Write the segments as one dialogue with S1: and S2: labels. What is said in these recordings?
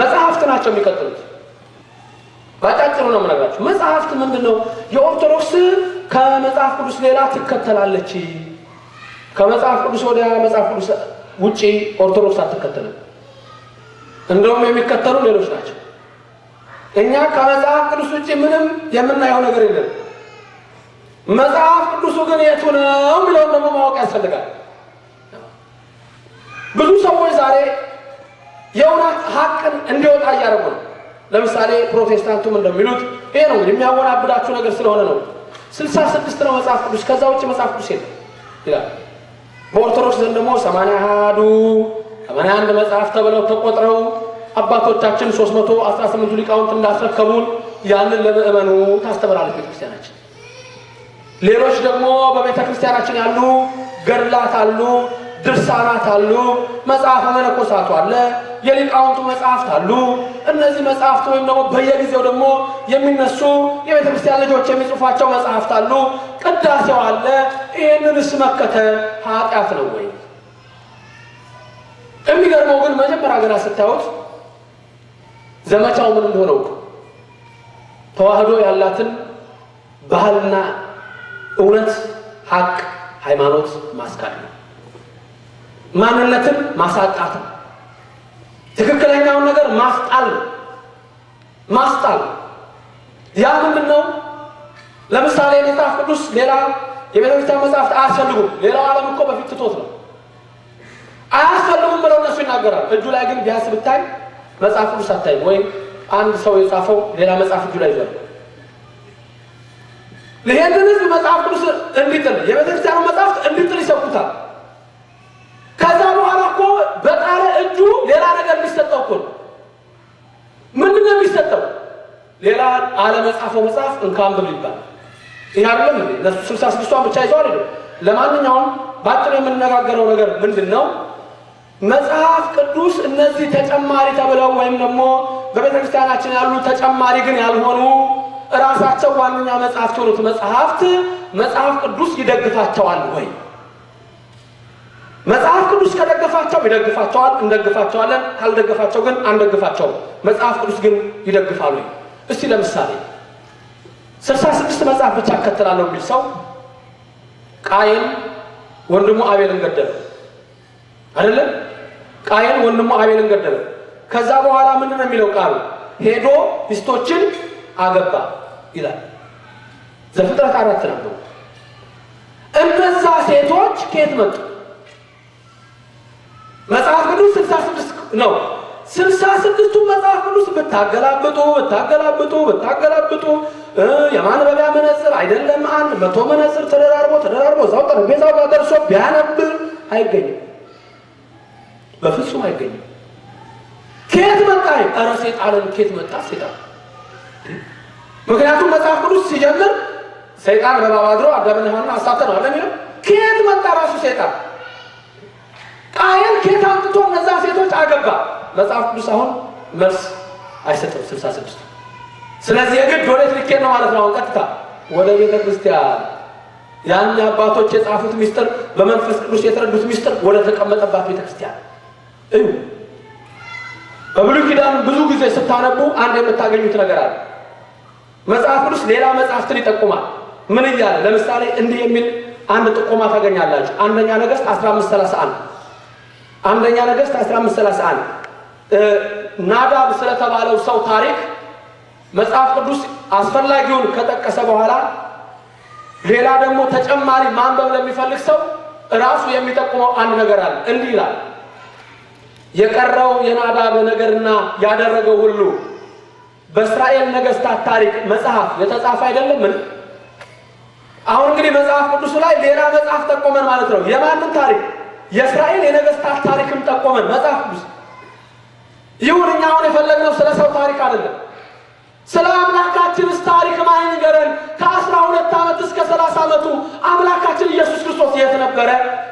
S1: መጽሐፍት ናቸው የሚቀጥሉት። ባጫጭሩ ነው የምነግራቸው። መጽሐፍት ምንድን ነው? የኦርቶዶክስ ከመጽሐፍ ቅዱስ ሌላ ትከተላለች። ከመጽሐፍ ቅዱስ ወደ መጽሐፍ ቅዱስ ውጪ ኦርቶዶክስ አትከተልም። እንደውም የሚከተሉ ሌሎች ናቸው። እኛ ከመጽሐፍ ቅዱስ ውጭ ምንም የምናየው ነገር የለም። መጽሐፍ ቅዱሱ ግን የቱ ነው የሚለውን ደግሞ ማወቅ ያስፈልጋል። ብዙ ሰዎች ዛሬ የእውነት ሀቅን እንዲወጣ እያደረጉ ነው። ለምሳሌ ፕሮቴስታንቱም እንደሚሉት ይሄ ነው የሚያወናብዳችሁ ነገር ስለሆነ ነው። ስልሳ ስድስት ነው መጽሐፍ ቅዱስ፣ ከዛ ውጭ መጽሐፍ ቅዱስ የለም ይላል። በኦርቶዶክስ ዘንድ ደግሞ ሰማንያ አሐዱ ሰማንያ አንድ መጽሐፍ ተብለው ተቆጥረው አባቶቻችን ሶስት መቶ አስራ ስምንቱ ሊቃውንት እንዳስረከቡን ያንን ለምእመኑ ታስተምራለች ቤተክርስቲያናችን። ሌሎች ደግሞ በቤተ ክርስቲያናችን ያሉ ገድላት አሉ፣ ድርሳናት አሉ፣ መጽሐፍ መነኮሳቱ አለ የሊቃውንቱ መጽሐፍት አሉ። እነዚህ መጽሐፍት ወይም ደግሞ በየጊዜው ደግሞ የሚነሱ የቤተ ክርስቲያን ልጆች የሚጽፏቸው መጽሐፍት አሉ። ቅዳሴው አለ። ይህንንስ መከተል ኃጢአት ነው ወይ? የሚገርመው ግን መጀመሪያ ገና ስታዩት ዘመቻው ምን እንደሆነው ተዋህዶ ያላትን ባህልና እውነት ሀቅ ሃይማኖት ማስካድ ነው። ማንነትን ማሳጣት ነው። ትክክለኛውን ነገር ማስጣል ማስጣል። ያ ምንድን ነው? ለምሳሌ መጽሐፍ ቅዱስ ሌላ የቤተክርስቲያን መጽሐፍት አያስፈልጉም። ሌላው ዓለም እኮ በፊት ትቶት ነው። አያስፈልጉም ብለው እነሱ ይናገራል። እጁ ላይ ግን ቢያንስ ብታይ መጽሐፍ ቅዱስ አታይም። ወይም አንድ ሰው የጻፈው ሌላ መጽሐፍ እጁ ላይ ይዟል። ይሄንን ህዝብ መጽሐፍ ቅዱስ እንዲጥል የቤተክርስቲያኑ መጽሐፍት እንዲጥል ይሰብኩታል። ሌላ አለመጻፈው መጽሐፍ እንኳን ብሎ ይባላል። ይህ አይደለም ስልሳ ስድስቷን ብቻ ይዘዋል። ለማንኛውም በአጭሩ የምንነጋገረው ነገር ምንድን ነው? መጽሐፍ ቅዱስ እነዚህ ተጨማሪ ተብለው ወይም ደግሞ በቤተ ክርስቲያናችን ያሉ ተጨማሪ ግን ያልሆኑ እራሳቸው ዋነኛ መጽሐፍት የሆኑት መጽሐፍት መጽሐፍ ቅዱስ ይደግፋቸዋል ወይ? መጽሐፍ ቅዱስ ከደገፋቸው ይደግፋቸዋል፣ እንደግፋቸዋለን። ካልደገፋቸው ግን አንደግፋቸው። መጽሐፍ ቅዱስ ግን ይደግፋሉ። እስቲ ለምሳሌ ስልሳ ስድስት መጽሐፍ ብቻ እከተላለሁ የሚል ሰው ቃየን ወንድሙ አቤልን ገደለ አይደለም? ቃየን ወንድሙ አቤልን ገደለ። ከዛ በኋላ ምንድን ነው የሚለው ቃሉ? ሄዶ ሚስቶችን አገባ ይላል። ዘፍጥረት አራት ነበሩ። እነዛ ሴቶች ከየት መጡ? መጽሐፍ ቅዱስ ስልሳ ስድስት ነው ስልሳ ስድስቱ መጽሐፍ ቅዱስ ብታገላብጡ ብታገላብጡ ብታገላብጡ የማንበቢያ መነጽር አይደለም አንድ መቶ መነጽር ተደራርቦ ተደራርቦ እዛው ጠረጴዛው ጋር ደርሶ ቢያነብር አይገኝም፣ በፍጹም አይገኝም። ኬት መጣ? ኧረ ሰይጣንን ኬት መጣ? ሰይጣን ምክንያቱም መጽሐፍ ቅዱስ ሲጀምር ሰይጣን በእባብ አድሮ አሳተ ነው አለ የሚለው ኬት መጣ ራሱ ሰይጣን መጽሐፍ ቅዱስ አሁን መልስ አይሰጥም። ስልሳ ስድስት ስለዚህ የግድ ወዴት ልኬ ነው ማለት ነው? አሁን ቀጥታ ወደ ቤተ ክርስቲያን ያን አባቶች የጻፉት ሚስጥር በመንፈስ ቅዱስ የተረዱት ሚስጥር ወደ ተቀመጠባት ቤተ ክርስቲያን እዩ። በብሉይ ኪዳን ብዙ ጊዜ ስታነቡ አንድ የምታገኙት ነገር አለ። መጽሐፍ ቅዱስ ሌላ መጽሐፍትን ይጠቁማል። ምን እያለ ለምሳሌ እንዲህ የሚል አንድ ጥቆማ ታገኛላችሁ። አንደኛ ነገሥት 1531 አንደኛ ነገስት 1531 ናዳብ ስለተባለው ሰው ታሪክ መጽሐፍ ቅዱስ አስፈላጊውን ከጠቀሰ በኋላ ሌላ ደግሞ ተጨማሪ ማንበብ ለሚፈልግ ሰው እራሱ የሚጠቁመው አንድ ነገር አለ። እንዲህ ይላል የቀረው የናዳብ ነገርና ያደረገው ሁሉ በእስራኤል ነገስታት ታሪክ መጽሐፍ የተጻፈ አይደለምን? አሁን እንግዲህ መጽሐፍ ቅዱሱ ላይ ሌላ መጽሐፍ ጠቆመን ማለት ነው። የማንም ታሪክ የእስራኤል የነገስታት ታሪክም ጠቆመን መጽሐፍ ቅዱስ ይሁን እኛ አሁን የፈለግነው ስለ ሰው ታሪክ አይደለም። ስለ አምላካችንስ ታሪክ ማይንገረን። ከአስራ ሁለት ዓመት እስከ ሰላሳ ዓመቱ አምላካችን ኢየሱስ ክርስቶስ የት ነበረ?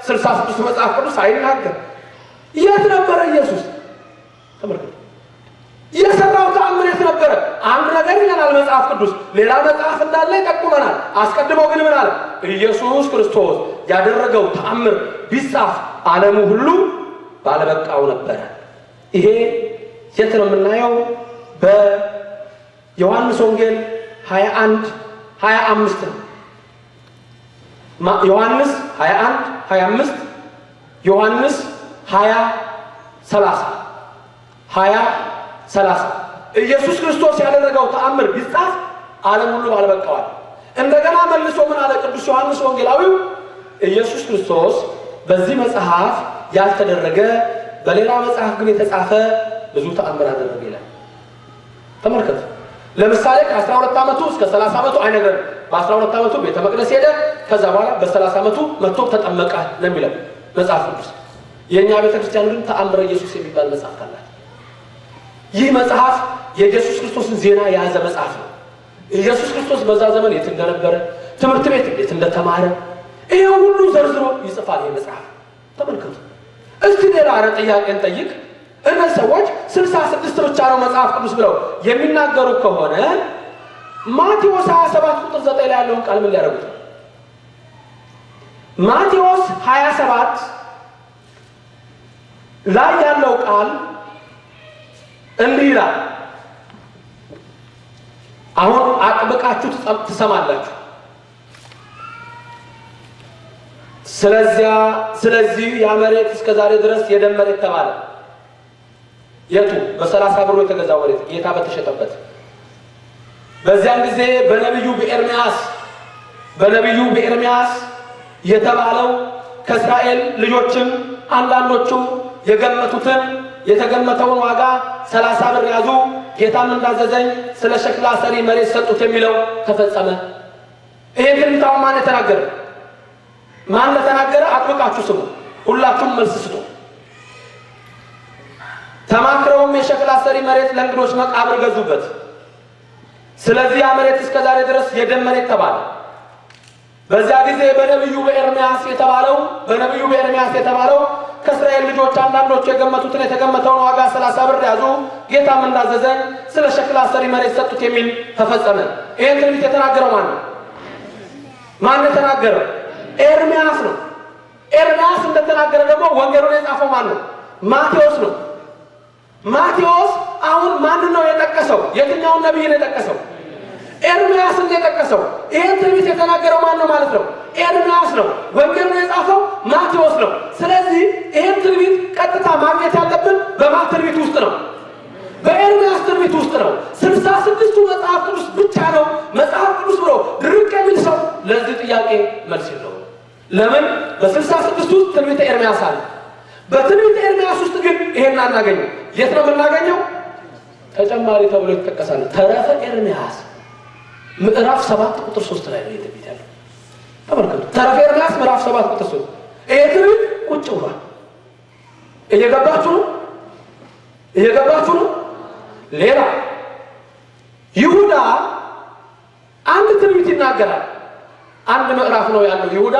S1: ስልሳ ስድስቱ መጽሐፍ ቅዱስ አይናገር። የት ነበረ ኢየሱስ? የሰራው ተአምር የት ነበረ? አንድ ነገር ይለናል መጽሐፍ ቅዱስ፣ ሌላ መጽሐፍ እንዳለ ይጠቁመናል። አስቀድሞ ግን ምን አለ? ኢየሱስ ክርስቶስ ያደረገው ተአምር ቢጻፍ ዓለሙ ሁሉ ባለበቃው ነበረ። ይሄ የት ነው የምናየው? በዮሐንስ ወንጌል 21 25 ነው። ዮሐንስ 21 25 ዮሐንስ 20 30 20 30 ኢየሱስ ክርስቶስ ያደረገው ተአምር ቢጻፍ ዓለም ሁሉ አልበቃዋል። እንደገና መልሶ ምን አለ ቅዱስ ዮሐንስ ወንጌላዊው ኢየሱስ ክርስቶስ በዚህ መጽሐፍ ያልተደረገ በሌላ መጽሐፍ ግን የተጻፈ ብዙ ተአምር አደረገ ይላል። ተመልከት። ለምሳሌ ከ12 ዓመቱ እስከ 30 ዓመቱ አይነግረንም። በ12 ዓመቱ ቤተ መቅደስ ሄደ። ከዛ በኋላ በ30 ዓመቱ መጥቶ ተጠመቀ ነው የሚለው መጽሐፍ ቅዱስ። የእኛ ቤተ ክርስቲያን ግን ተአምረ ኢየሱስ የሚባል መጽሐፍ አላት። ይህ መጽሐፍ የኢየሱስ ክርስቶስን ዜና የያዘ መጽሐፍ ነው። ኢየሱስ ክርስቶስ በዛ ዘመን የት እንደነበረ፣ ትምህርት ቤት እንዴት እንደተማረ ይሄ ሁሉ ዘርዝሮ ይጽፋል ይህ መጽሐፍ። ተመልከቱ። እስቲ ሌላ አረ ጥያቄ እንጠይቅ። እነዚህ ሰዎች ስልሳ ስድስት ብቻ ነው መጽሐፍ ቅዱስ ብለው የሚናገሩ ከሆነ ማቴዎስ 27 ቁጥር 9 ላይ ያለውን ቃል ምን ሊያደርጉት ነው? ማቴዎስ 27 ላይ ያለው ቃል እንዲህ ይላል። አሁን አጥብቃችሁ ትሰማላችሁ። ስለዚያ ስለዚህ ያ መሬት እስከ ዛሬ ድረስ የደም መሬት ተባለ። የቱ በሰላሳ ብሩ የተገዛ ወሬት ጌታ በተሸጠበት በዚያን ጊዜ በነቢዩ በኤርምያስ በነቢዩ በኤርምያስ የተባለው ከእስራኤል ልጆችም አንዳንዶቹ የገመቱትን የተገመተውን ዋጋ ሰላሳ ብር ያዙ፣ ጌታም እንዳዘዘኝ ስለ ሸክላ ሰሪ መሬት ሰጡት የሚለው ተፈጸመ። ይሄ ትንቢታውን ማን የተናገረ? ማን ለተናገረ አጥብቃችሁ ስሙ። ሁላችሁም መልስ ስጡ። ተማክረውም የሸክላ ሰሪ መሬት ለእንግዶች መቃብር ገዙበት። ስለዚህ ያ መሬት እስከ ዛሬ ድረስ የደም መሬት ተባለ። በዚያ ጊዜ በነቢዩ በኤርሚያስ የተባለው በነቢዩ በኤርሚያስ የተባለው ከእስራኤል ልጆች አንዳንዶቹ የገመቱትን የተገመተውን ዋጋ ሰላሳ ብር ያዙ፣ ጌታም እንዳዘዘን ስለ ሸክላ ሰሪ መሬት ሰጡት የሚል ተፈጸመ። ይህን ትንቢት የተናገረው ማን ነው? ማን የተናገረው? ኤርሚያስ ነው። ኤርሚያስ እንደተናገረ ደግሞ ወንጌሉን የጻፈው ማን ነው? ማቴዎስ ነው። ማቴዎስ አሁን ማን ነው የጠቀሰው? የትኛውን ነቢይ ነው የጠቀሰው? ኤርምያስን ነው የጠቀሰው። ይህን ትንቢት የተናገረው ማን ነው ማለት ነው? ኤርምያስ ነው። ወንጌል ነው የጻፈው ማቴዎስ ነው። ስለዚህ ይህን ትንቢት ቀጥታ ማግኘት ያለብን በማን ትንቢት ውስጥ ነው? በኤርምያስ ትንቢት ውስጥ ነው። ስልሳ ስድስቱ መጽሐፍ ቅዱስ ብቻ ነው መጽሐፍ ቅዱስ ብሎ ድርቅ የሚል ሰው ለዚህ ጥያቄ መልስ የለውም። ለምን በስልሳ ስድስቱ ውስጥ ትንቢተ ኤርምያስ አለ? በትንቢተ ኤርምያስ ውስጥ ግን ይሄን አናገኘው። የት ነው የምናገኘው? ተጨማሪ ተብሎ ይጠቀሳል። ተረፈ ኤርምያስ ምዕራፍ ሰባት ቁጥር ሶስት ላይ ነው የትንቢት ያለ። ተመልከቱ። ተረፈ ኤርምያስ ምዕራፍ ሰባት ቁጥር ሶስት ይሄ ትንቢት ቁጭ ብሏል። እየገባችሁ ነው፣ እየገባችሁ ነው። ሌላ ይሁዳ አንድ ትንቢት ይናገራል። አንድ ምዕራፍ ነው ያለው ይሁዳ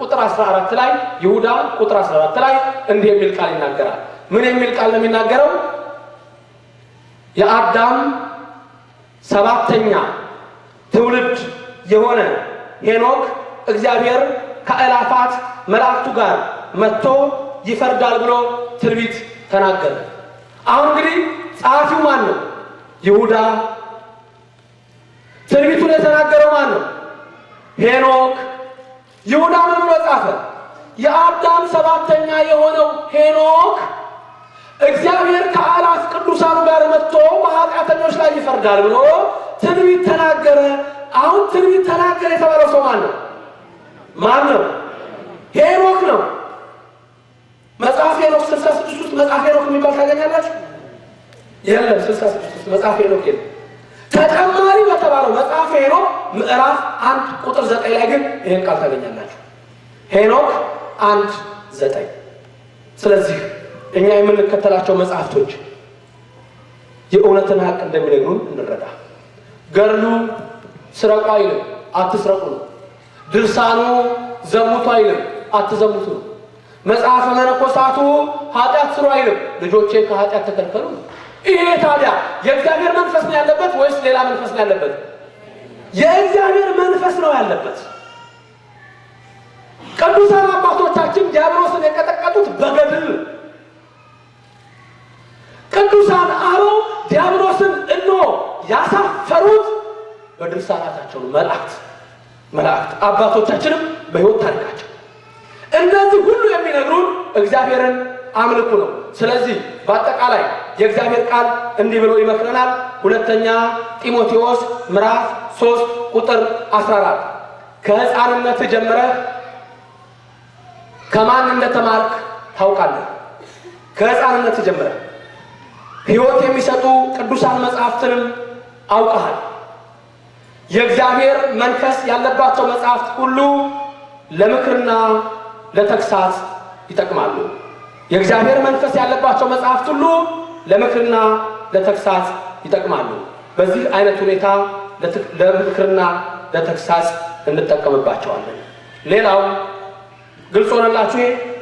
S1: ቁጥር 14 ላይ ይሁዳ ቁጥር 14 ላይ እንዲህ የሚል ቃል ይናገራል። ምን የሚል ቃል ነው የሚናገረው? የአዳም ሰባተኛ ትውልድ የሆነ ሄኖክ እግዚአብሔር ከእላፋት መላእክቱ ጋር መጥቶ ይፈርዳል ብሎ ትንቢት ተናገረ። አሁን እንግዲህ ጸሐፊው ማን ነው? ይሁዳ። ትንቢቱን የተናገረው ማን ነው? ሄኖክ ይሁዳ ምን መጻፈ? የአዳም ሰባተኛ የሆነው ሄኖክ እግዚአብሔር ከአእላፍ ቅዱሳኑ ጋር መጥቶ በኃጢአተኞች ላይ ይፈርዳል ብሎ ትንቢት ተናገረ። አሁን ትንቢት ተናገረ የተባለው ሰው ማን ነው? ማን ነው? ሄኖክ ነው። መጽሐፍ ሄኖክ ስልሳ ስድስት ውስጥ መጽሐፍ ሄኖክ የሚባል ታገኛላችሁ? የለም። ስልሳ ስድስት ውስጥ መጽሐፍ ሄኖክ የለም። ተጨማሪ በተባለው መጽሐፍ ሄኖክ ምዕራፍ አንድ ቁጥር ዘጠኝ ላይ ግን ይህን ቃል ታገኛላችሁ። ሄኖክ አንድ ዘጠኝ ስለዚህ እኛ የምንከተላቸው መጽሐፍቶች የእውነትን ሀቅ እንደሚነግሩን እንረዳ። ገድሉ ስረቁ አይልም፣ አትስረቁ ነው። ድርሳኑ ዘሙቱ አይልም፣ አትዘሙቱ ነው። መጽሐፈ መነኮሳቱ ኃጢአት ስሩ አይልም፣ ልጆቼ ከኃጢአት ተከልከሉ ነው። ይሄ ታዲያ የእግዚአብሔር መንፈስ ነው ያለበት ወይስ ሌላ መንፈስ ነው ያለበት? የእግዚአብሔር መንፈስ ነው ያለበት። ቅዱሳን አባቶቻችን ዲያብሎስን የቀጠቀጡት በገድል ቅዱሳን አበው ዲያብሎስን እኖ ያሳፈሩት በድርሳናታቸው መላእክት መላእክት አባቶቻችንም በሕይወት ታሪካቸው እነዚህ ሁሉ የሚነግሩን እግዚአብሔርን አምልኩ ነው። ስለዚህ በአጠቃላይ የእግዚአብሔር ቃል እንዲህ ብሎ ይመክረናል። ሁለተኛ ጢሞቴዎስ ምዕራፍ 3 ቁጥር 14 ከሕፃንነት ጀምረህ ከማን እንደተማርክ ታውቃለህ። ከሕፃንነት ጀምረህ ሕይወት የሚሰጡ ቅዱሳን መጽሐፍትንም አውቀሃል። የእግዚአብሔር መንፈስ ያለባቸው መጽሐፍት ሁሉ ለምክርና ለተግሳጽ ይጠቅማሉ። የእግዚአብሔር መንፈስ ያለባቸው መጽሐፍት ሁሉ ለምክርና ለተግሳጽ ይጠቅማሉ። በዚህ አይነት ሁኔታ ለምክርና ለተግሳጽ እንጠቀምባቸዋለን። ሌላው ግልጽ ሆነላችሁ።